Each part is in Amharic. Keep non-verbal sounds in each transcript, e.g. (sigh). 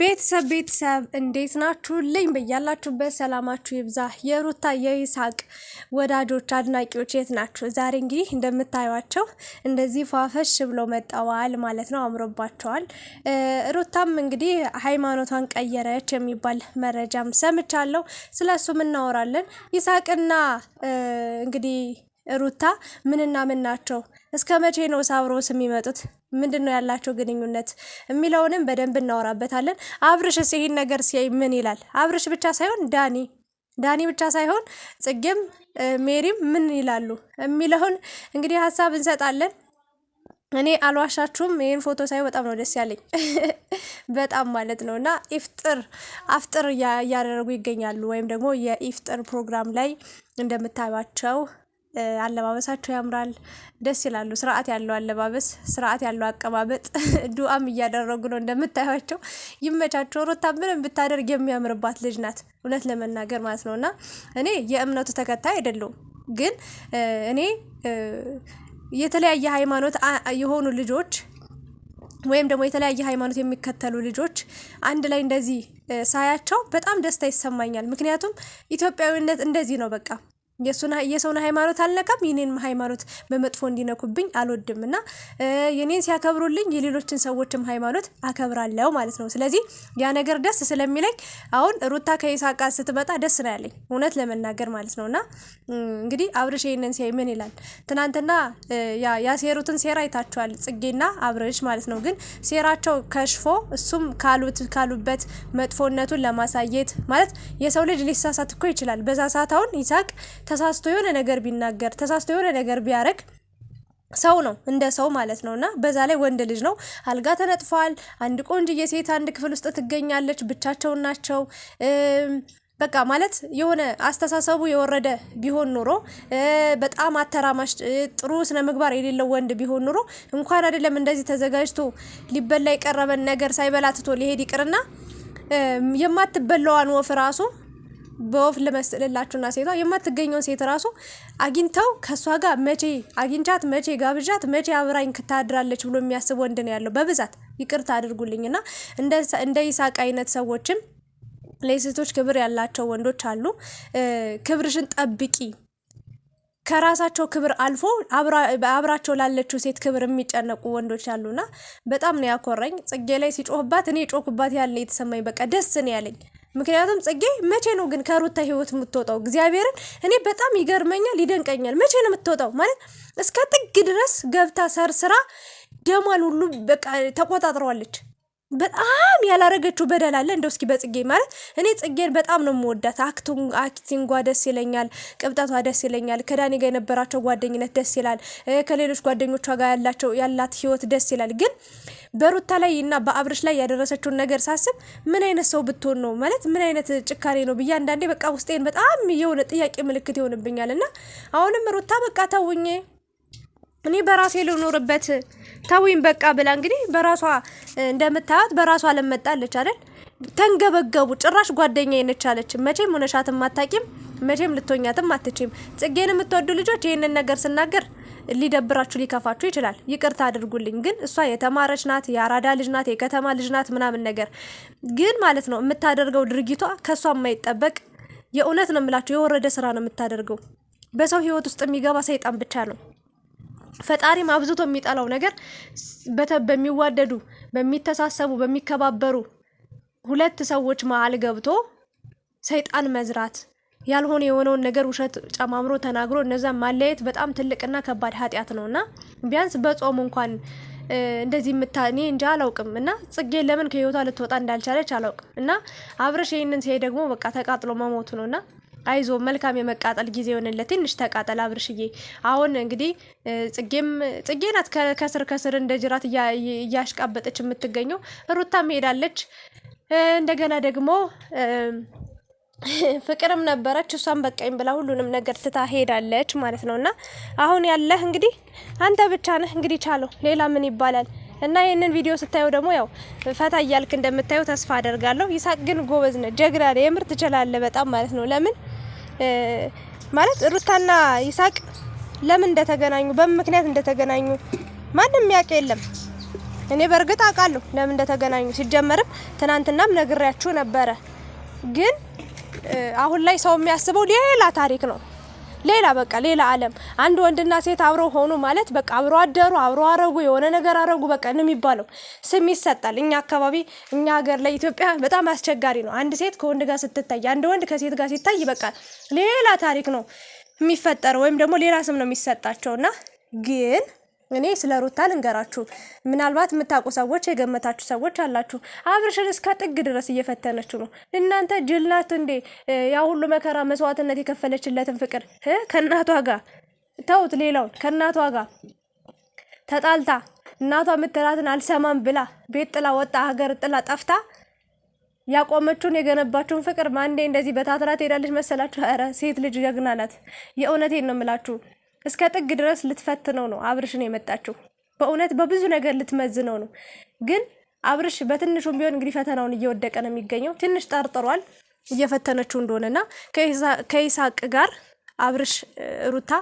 ቤተሰብ ቤተሰብ እንዴት ናችሁልኝ? በያላችሁበት ሰላማችሁ ይብዛ። የሩታ የይሳቅ ወዳጆች አድናቂዎች የት ናችሁ? ዛሬ እንግዲህ እንደምታዩቸው እንደዚህ ፏፈሽ ብሎ መጠዋል ማለት ነው፣ አምሮባቸዋል። ሩታም እንግዲህ ሃይማኖቷን ቀየረች የሚባል መረጃም ሰምቻለሁ። ስለ እሱም እናወራለን። ይሳቅና እንግዲህ ሩታ ምንና ምን ናቸው? እስከ መቼ ነው ሳብሮስ የሚመጡት? ምንድን ነው ያላቸው ግንኙነት የሚለውንም በደንብ እናወራበታለን። አብርሽስ ይህን ነገር ሲያይ ምን ይላል? አብርሽ ብቻ ሳይሆን ዳኒ ዳኒ ብቻ ሳይሆን ጽጌም ሜሪም ምን ይላሉ የሚለውን እንግዲህ ሀሳብ እንሰጣለን። እኔ አልዋሻችሁም፣ ይህን ፎቶ ሳይ በጣም ነው ደስ ያለኝ፣ (laughs) በጣም ማለት ነው። እና ኢፍጥር አፍጥር እያደረጉ ይገኛሉ ወይም ደግሞ የኢፍጥር ፕሮግራም ላይ እንደምታዩቸው አለባበሳቸው ያምራል፣ ደስ ይላሉ። ስርዓት ያለው አለባበስ፣ ስርዓት ያለው አቀማመጥ፣ (laughs) ዱአም እያደረጉ ነው እንደምታያቸው። ይመቻቸው። ሩታ ምንም ብታደርግ የሚያምርባት ልጅ ናት፣ እውነት ለመናገር ማለት ነው። እና እኔ የእምነቱ ተከታይ አይደለሁም፣ ግን እኔ የተለያየ ሃይማኖት የሆኑ ልጆች ወይም ደግሞ የተለያየ ሃይማኖት የሚከተሉ ልጆች አንድ ላይ እንደዚህ ሳያቸው በጣም ደስታ ይሰማኛል። ምክንያቱም ኢትዮጵያዊነት እንደዚህ ነው በቃ የሰውን ሃይማኖት አልነካም። የኔን ሃይማኖት በመጥፎ እንዲነኩብኝ አልወድም እና የኔን ሲያከብሩልኝ የሌሎችን ሰዎችም ሃይማኖት አከብራለሁ ማለት ነው። ስለዚህ ያ ነገር ደስ ስለሚለኝ አሁን ሩታ ከይሳቃ ስትመጣ ደስ ነው ያለኝ እውነት ለመናገር ማለት ነው። እና እንግዲህ አብርሽ ይህንን ሲያይ ምን ይላል? ትናንትና ያሴሩትን ሴራ አይታችኋል፣ ጽጌና አብርሽ ማለት ነው። ግን ሴራቸው ከሽፎ እሱም ካሉት ካሉበት መጥፎነቱን ለማሳየት ማለት የሰው ልጅ ሊሳሳት እኮ ይችላል። በዛ ሰዓት አሁን ይሳቅ ተሳስቶ የሆነ ነገር ቢናገር ተሳስቶ የሆነ ነገር ቢያረግ ሰው ነው እንደ ሰው ማለት ነው። እና በዛ ላይ ወንድ ልጅ ነው። አልጋ ተነጥፏል። አንድ ቆንጅዬ ሴት አንድ ክፍል ውስጥ ትገኛለች። ብቻቸውን ናቸው። በቃ ማለት የሆነ አስተሳሰቡ የወረደ ቢሆን ኑሮ በጣም አተራማሽ ጥሩ ስነ ምግባር የሌለው ወንድ ቢሆን ኑሮ እንኳን አይደለም እንደዚህ ተዘጋጅቶ ሊበላ የቀረበን ነገር ሳይበላ ትቶ ሊሄድ ይቅርና የማትበላዋን ወፍ ራሱ በወፍ ለመስልላችሁና ሴቷ የማትገኘውን ሴት ራሱ አግኝተው ከእሷ ጋር መቼ አግኝቻት መቼ ጋብዣት መቼ አብራኝ ክታድራለች ብሎ የሚያስብ ወንድ ነው ያለው በብዛት። ይቅርታ አድርጉልኝና እንደ ይሳቅ አይነት ሰዎችም ለሴቶች ክብር ያላቸው ወንዶች አሉ። ክብርሽን ጠብቂ ከራሳቸው ክብር አልፎ አብራቸው ላለችው ሴት ክብር የሚጨነቁ ወንዶች አሉና በጣም ነው ያኮረኝ። ጽጌ ላይ ሲጮህባት እኔ ጮህባት ያለ የተሰማኝ በቃ ደስ ነው ያለኝ። ምክንያቱም ጽጌ መቼ ነው ግን ከሩታ ህይወት የምትወጣው? እግዚአብሔርን እኔ በጣም ይገርመኛል፣ ይደንቀኛል። መቼ ነው የምትወጣው? ማለት እስከ ጥግ ድረስ ገብታ ሰርስራ ደሟን ሁሉ በቃ ተቆጣጥረዋለች። በጣም ያላረገችው በደል አለ። እንደው እስኪ በጽጌ ማለት እኔ ጽጌን በጣም ነው የምወዳት። አክቲንጓ ደስ ይለኛል፣ ቅብጠቷ ደስ ይለኛል። ከዳኒ ጋር የነበራቸው ጓደኝነት ደስ ይላል። ከሌሎች ጓደኞቿ ጋር ያላቸው ያላት ህይወት ደስ ይላል። ግን በሩታ ላይ እና በአብርሽ ላይ ያደረሰችውን ነገር ሳስብ ምን አይነት ሰው ብትሆን ነው ማለት ምን አይነት ጭካኔ ነው ብዬ አንዳንዴ በቃ ውስጤን በጣም የሆነ ጥያቄ ምልክት ይሆንብኛል እና አሁንም ሩታ በቃ ተውኝ እኔ በራሴ ልኖርበት ተዊን በቃ ብላ እንግዲህ በራሷ እንደምታዩት በራሷ ለመጣለች አይደል? ተንገበገቡ። ጭራሽ ጓደኛዬ ነች አለች። መቼም ሆነሻትም አታቂም፣ መቼም ልትሆኛትም አትችም። ጽጌን የምትወዱ ልጆች ይህንን ነገር ስናገር ሊደብራችሁ ሊከፋችሁ ይችላል። ይቅርታ አድርጉልኝ። ግን እሷ የተማረች ናት፣ የአራዳ ልጅ ናት፣ የከተማ ልጅ ናት ምናምን ነገር ግን ማለት ነው የምታደርገው ድርጊቷ ከእሷ የማይጠበቅ የእውነት ነው የምላችሁ የወረደ ስራ ነው የምታደርገው። በሰው ህይወት ውስጥ የሚገባ ሰይጣን ብቻ ነው። ፈጣሪም አብዝቶ የሚጠላው ነገር በሚዋደዱ በሚተሳሰቡ በሚከባበሩ ሁለት ሰዎች መሀል ገብቶ ሰይጣን መዝራት ያልሆነ የሆነውን ነገር ውሸት ጨማምሮ ተናግሮ እነዛን ማለያየት በጣም ትልቅና ከባድ ኃጢአት ነው እና ቢያንስ በጾም እንኳን እንደዚህ የምታ እኔ እንጂ አላውቅም። እና ጽጌ ለምን ከህይወቷ ልትወጣ እንዳልቻለች አላውቅም። እና አብረሽ ይህንን ሲሄ ደግሞ በቃ ተቃጥሎ መሞቱ ነው እና አይዞ መልካም የመቃጠል ጊዜ የሆንለት ትንሽ ተቃጠል አብርሽዬ። አሁን እንግዲህ ጽጌም ጽጌ ናት ከስር ከስር እንደ ጅራት እያሽቃበጠች የምትገኘው። ሩታም ሄዳለች። እንደገና ደግሞ ፍቅርም ነበረች። እሷም በቃኝ ብላ ሁሉንም ነገር ትታ ሄዳለች ማለት ነው። እና አሁን ያለህ እንግዲህ አንተ ብቻ ነህ። እንግዲህ ቻለው ሌላ ምን ይባላል? እና ይህንን ቪዲዮ ስታየው ደግሞ ያው ፈታ እያልክ እንደምታየው ተስፋ አደርጋለሁ። ይሳቅ ግን ጎበዝ ነህ፣ ጀግና ነህ። የምር ትችላለህ በጣም ማለት ነው። ለምን ማለት ሩታና ይሳቅ ለምን እንደተገናኙ በምን ምክንያት እንደተገናኙ ማንም ያውቅ የለም። እኔ በእርግጥ አውቃለሁ ለምን እንደተገናኙ። ሲጀመርም ትናንትናም ነግሬያችሁ ነበረ። ግን አሁን ላይ ሰው የሚያስበው ሌላ ታሪክ ነው። ሌላ በቃ ሌላ ዓለም አንድ ወንድና ሴት አብረው ሆኑ ማለት በቃ አብሮ አደሩ አብሮ አረጉ የሆነ ነገር አረጉ በቃ ነው የሚባለው። ስም ይሰጣል። እኛ አካባቢ እኛ ሀገር ላይ ኢትዮጵያ በጣም አስቸጋሪ ነው። አንድ ሴት ከወንድ ጋር ስትታይ፣ አንድ ወንድ ከሴት ጋር ሲታይ በቃ ሌላ ታሪክ ነው የሚፈጠረው ወይም ደግሞ ሌላ ስም ነው የሚሰጣቸውና ግን እኔ ስለ ሩታ ልንገራችሁ። ምናልባት የምታውቁ ሰዎች፣ የገመታችሁ ሰዎች አላችሁ። አብርሽን እስከ ጥግ ድረስ እየፈተነችው ነው። እናንተ ጅልናት እንዴ? ያ ሁሉ መከራ መስዋዕትነት የከፈለችለትን ፍቅር ከእናቷ ጋር ተውት፣ ሌላውን ከእናቷ ጋር ተጣልታ እናቷ የምትላትን አልሰማም ብላ ቤት ጥላ ወጣ፣ ሀገር ጥላ ጠፍታ ያቆመችውን የገነባችውን ፍቅር ማንዴ እንደዚህ በታትራ ትሄዳለች መሰላችሁ? ኧረ ሴት ልጅ ጀግና ናት። የእውነቴን ነው የምላችሁ። እስከ ጥግ ድረስ ልትፈትነው ነው አብርሽን የመጣችው። በእውነት በብዙ ነገር ልትመዝነው ነው። ግን አብርሽ በትንሹም ቢሆን እንግዲህ ፈተናውን እየወደቀ ነው የሚገኘው። ትንሽ ጠርጥሯል እየፈተነችው እንደሆነና ከይሳቅ ጋር አብርሽ ሩታ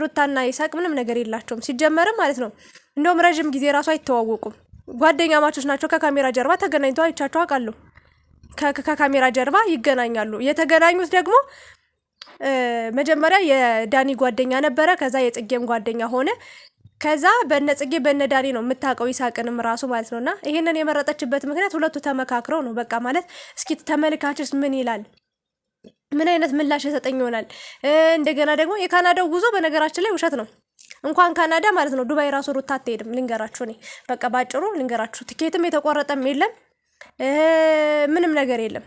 ሩታና ይሳቅ ምንም ነገር የላቸውም ሲጀመርም ማለት ነው። እንደውም ረዥም ጊዜ ራሱ አይተዋወቁም። ጓደኛ ማቾች ናቸው። ከካሜራ ጀርባ ተገናኝተው አይቻቸው አውቃለሁ። ከካሜራ ጀርባ ይገናኛሉ። የተገናኙት ደግሞ መጀመሪያ የዳኒ ጓደኛ ነበረ፣ ከዛ የጽጌም ጓደኛ ሆነ። ከዛ በነ ጽጌ በነ ዳኒ ነው የምታውቀው ይሳቅንም ራሱ ማለት እና ይሄንን የመረጠችበት ምክንያት ሁለቱ ተመካክረው ነው። በቃ ማለት እስኪ ተመልካችስ ምን ይላል ምን አይነት ምላሽ የሰጠኝ ይሆናል። እንደገና ደግሞ የካናዳው ጉዞ በነገራችን ላይ ውሸት ነው። እንኳን ካናዳ ማለት ነው ዱባይ ራሱ ሩታ አትሄድም። ልንገራችሁ እኔ በቃ ባጭሩ ልንገራችሁ፣ ትኬትም የተቆረጠም የለም ምንም ነገር የለም።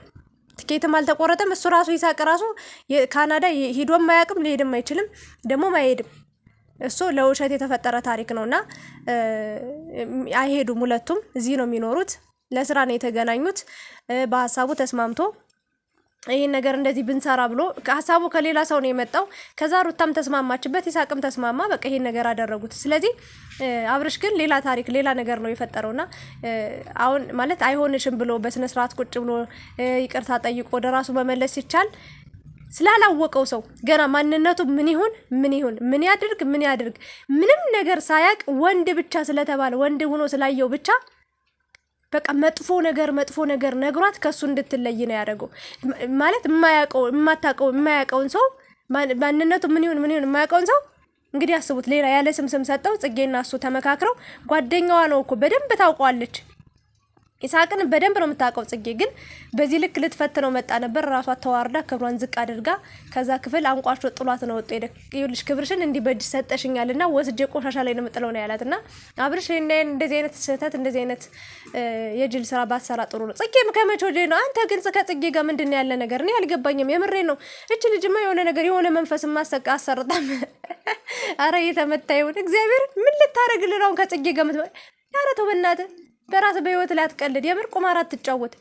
ትኬትም አልተቆረጠም። እሱ ራሱ ይሳቅ ራሱ ካናዳ ሂዶም አያውቅም፣ ሊሄድም አይችልም፣ ደግሞም አይሄድም። እሱ ለውሸት የተፈጠረ ታሪክ ነው እና አይሄዱም። ሁለቱም እዚህ ነው የሚኖሩት። ለስራ ነው የተገናኙት። በሀሳቡ ተስማምቶ ይህን ነገር እንደዚህ ብንሰራ ብሎ ሀሳቡ ከሌላ ሰው ነው የመጣው። ከዛ ሩታም ተስማማችበት፣ ይሳቅም ተስማማ። በቃ ይህን ነገር አደረጉት። ስለዚህ አብርሽ ግን ሌላ ታሪክ፣ ሌላ ነገር ነው የፈጠረውና አሁን ማለት አይሆንሽም ብሎ በስነስርዓት ቁጭ ብሎ ይቅርታ ጠይቆ ወደ ራሱ መመለስ ሲቻል ስላላወቀው ሰው ገና ማንነቱ ምን ይሁን ምን ይሁን ምን ያድርግ ምን ያድርግ ምንም ነገር ሳያቅ ወንድ ብቻ ስለተባለ ወንድ ሆኖ ስላየው ብቻ በቃ መጥፎ ነገር መጥፎ ነገር ነግሯት ከእሱ እንድትለይ ነው ያደረገው። ማለት የማታውቀው የማያውቀውን ሰው ማንነቱ ምን ይሁን ምን ይሁን የማያውቀውን ሰው እንግዲህ አስቡት። ሌላ ያለ ስም ስም ሰጠው። ጽጌና እሱ ተመካክረው ጓደኛዋ ነው እኮ በደንብ ታውቀዋለች። ኢሳቅን በደንብ ነው የምታውቀው ጽጌ። ግን በዚህ ልክ ልትፈትነው መጣ ነበር። ራሷ ተዋርዳ ክብሯን ዝቅ አድርጋ ከዛ ክፍል አንቋሾ ጥሏት ነው ወጡ። ይኸውልሽ ክብርሽን እንዲህ በእጅ ሰጠሽኛል እና ወስጄ ቆሻሻ ላይ ነው የምጥለው ነው ያላት። እና አብርሽ እንደዚህ አይነት ስህተት፣ እንደዚህ አይነት የጅል ስራ ባትሰራ ጥሩ ነው ጽጌ። ከመቼ ወዲህ ነው አንተ ግን ከጽጌ ጋር ምንድን ያለ ነገር እኔ አልገባኝም። የምሬ ነው። እች ልጅማ የሆነ ነገር የሆነ መንፈስ ማሰቃ አሰርጣም። (laughs) አረ እየተመታ ይሁን እግዚአብሔር። ምን ልታደረግልን አሁን ከጽጌ ጋር ምት ያረተው በእናትህ በራስ በህይወት ላይ አትቀልድ። የምር ቁማር አትጫወት።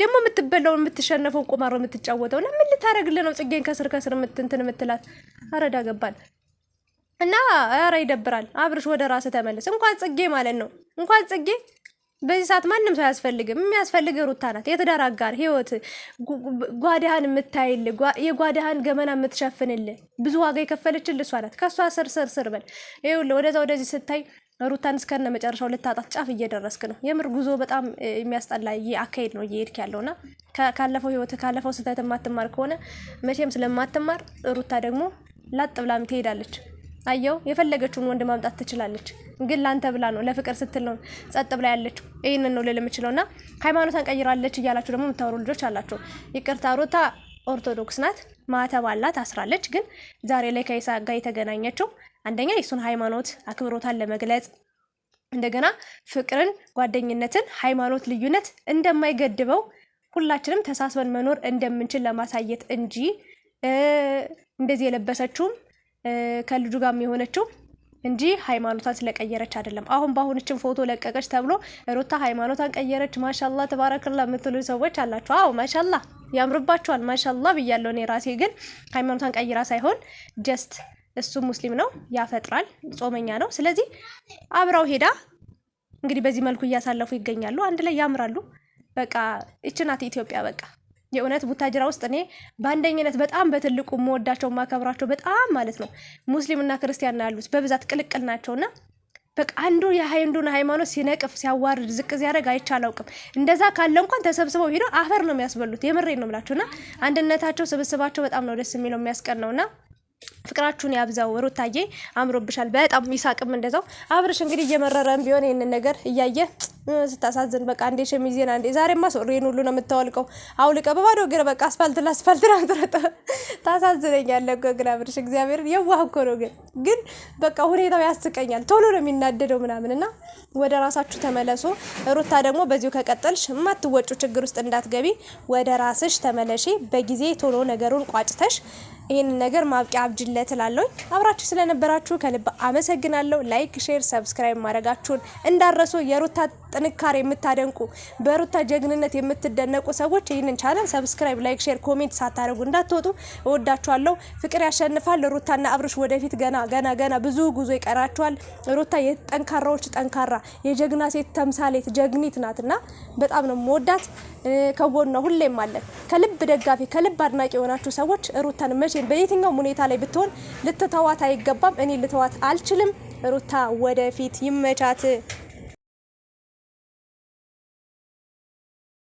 ደግሞ የምትበላውን የምትሸነፈውን ቁማር ነው የምትጫወተው። ለምን ልታደርግልህ ነው? ጽጌን ከስር ከስር ምትንትን የምትላት አረዳ ገባል እና ኧረ ይደብራል። አብርሽ ወደ ራስ ተመለስ። እንኳን ጽጌ ማለት ነው እንኳን ጽጌ በዚህ ሰዓት ማንም ሰው አያስፈልግም። የሚያስፈልግ ሩታ ናት፣ የትዳር አጋር፣ ህይወት ጓዳህን የምታይል፣ የጓዳህን ገመና የምትሸፍንል፣ ብዙ ዋጋ የከፈለችል እሷ ናት። ከእሷ ስር ስር ስር በል ይኸውልህ፣ ወደዛ ወደዚህ ስታይ ሩታን እስከነ መጨረሻው ልታጣት ጫፍ እየደረስክ ነው። የምር ጉዞ በጣም የሚያስጠላ አካሄድ ነው እየሄድክ ያለውና ካለፈው ህይወት ካለፈው ስህተት የማትማር ከሆነ መቼም ስለማትማር ሩታ ደግሞ ላጥ ብላም ትሄዳለች። አየው የፈለገችውን ወንድ ማምጣት ትችላለች፣ ግን ላንተ ብላ ነው፣ ለፍቅር ስትል ነው ጸጥ ብላ ያለች። ይህንን ነው ልል የምችለው። እና ሃይማኖቷን ቀይራለች እያላችሁ ደግሞ የምታወሩ ልጆች አላቸው። ይቅርታ ሩታ ኦርቶዶክስ ናት፣ ማተብ አላት፣ አስራለች። ግን ዛሬ ላይ ከይሳ ጋር የተገናኘችው አንደኛ የእሱን ሃይማኖት አክብሮታን ለመግለጽ እንደገና ፍቅርን፣ ጓደኝነትን፣ ሃይማኖት ልዩነት እንደማይገድበው ሁላችንም ተሳስበን መኖር እንደምንችል ለማሳየት እንጂ እንደዚህ የለበሰችውም ከልጁ ጋርም የሆነችው እንጂ ሃይማኖቷን ስለቀየረች አይደለም። አሁን በአሁንችን ፎቶ ለቀቀች ተብሎ ሩታ ሃይማኖቷን ቀየረች ማሻላ ተባረክላ የምትሉ ሰዎች አላችሁ። አዎ ማሻላ ያምርባችኋል። ማሻላ ብያለሁ እኔ ራሴ ግን ሃይማኖቷን ቀይራ ሳይሆን ጀስት እሱ ሙስሊም ነው፣ ያፈጥራል፣ ጾመኛ ነው። ስለዚህ አብራው ሄዳ እንግዲህ በዚህ መልኩ እያሳለፉ ይገኛሉ። አንድ ላይ ያምራሉ። በቃ ይች ኢትዮጵያ። በቃ የእውነት ቡታጅራ ውስጥ እኔ በአንደኝነት በጣም በትልቁ የምወዳቸው የማከብራቸው በጣም ማለት ነው ሙስሊምና ክርስቲያን ያሉት በብዛት ቅልቅል ናቸውና በቃ አንዱ የሃይንዱን ሃይማኖት ሲነቅፍ ሲያዋርድ ዝቅ ሲያደርግ አይቼ አላውቅም። እንደዛ ካለ እንኳን ተሰብስበው ሄዶ አፈር ነው የሚያስበሉት። የምሬ ነው የምላቸውና አንድነታቸው ስብስባቸው በጣም ነው ደስ የሚለው የሚያስቀን ነውና ፍቅራችሁን ያብዛው። ሩታዬ አምሮብሻል በጣም ይሳቅም እንደዛው። አብርሽ እንግዲህ እየመረረም ቢሆን ይህንን ነገር እያየ ስታሳዝን በቃ አንዴ ሸሚዜን አንዴ ዛሬማ ሶሪን ሁሉ ነው የምታወልቀው አውልቀ በባዶ እግር በቃ አስፋልት ለአስፋልት ናጥረጠ ታሳዝነኛለ እኮ ግን አብርሽ እግዚአብሔር የዋህ እኮ ነው። ግን ግን በቃ ሁኔታው ያስቀኛል። ቶሎ ነው የሚናደደው ምናምን እና ወደ ራሳችሁ ተመለሱ። ሩታ ደግሞ በዚሁ ከቀጠልሽ የማትወጩ ችግር ውስጥ እንዳትገቢ ወደ ራስሽ ተመለሺ። በጊዜ ቶሎ ነገሩን ቋጭተሽ ይህንን ነገር ማብቂያ አብጅለት እላለሁኝ። አብራችሁ ስለነበራችሁ ከልብ አመሰግናለሁ። ላይክ፣ ሼር፣ ሰብስክራይብ ማድረጋችሁን እንዳረሱ። የሩታ ጥንካሬ የምታደንቁ በሩታ ጀግንነት የምትደነቁ ሰዎች ይህንን ቻናል ሰብስክራይብ፣ ላይክ፣ ሼር፣ ኮሜንት ሳታደርጉ እንዳትወጡ። እወዳችኋለሁ። ፍቅር ያሸንፋል። ሩታና አብርሽ ወደፊት ገና ገና ገና ብዙ ጉዞ ይቀራችኋል። ሩታ የጠንካራዎች ጠንካራ የጀግና ሴት ተምሳሌት ጀግኒት ናትና በጣም ነው መወዳት። ከጎኗ ሁሌም አለን። ከልብ ደጋፊ ከልብ አድናቂ የሆናችሁ ሰዎች ሩታን መቼ ልጆችን በየትኛውም ሁኔታ ላይ ብትሆን ልትተዋት አይገባም። እኔ ልተዋት አልችልም። ሩታ ወደፊት ይመቻት።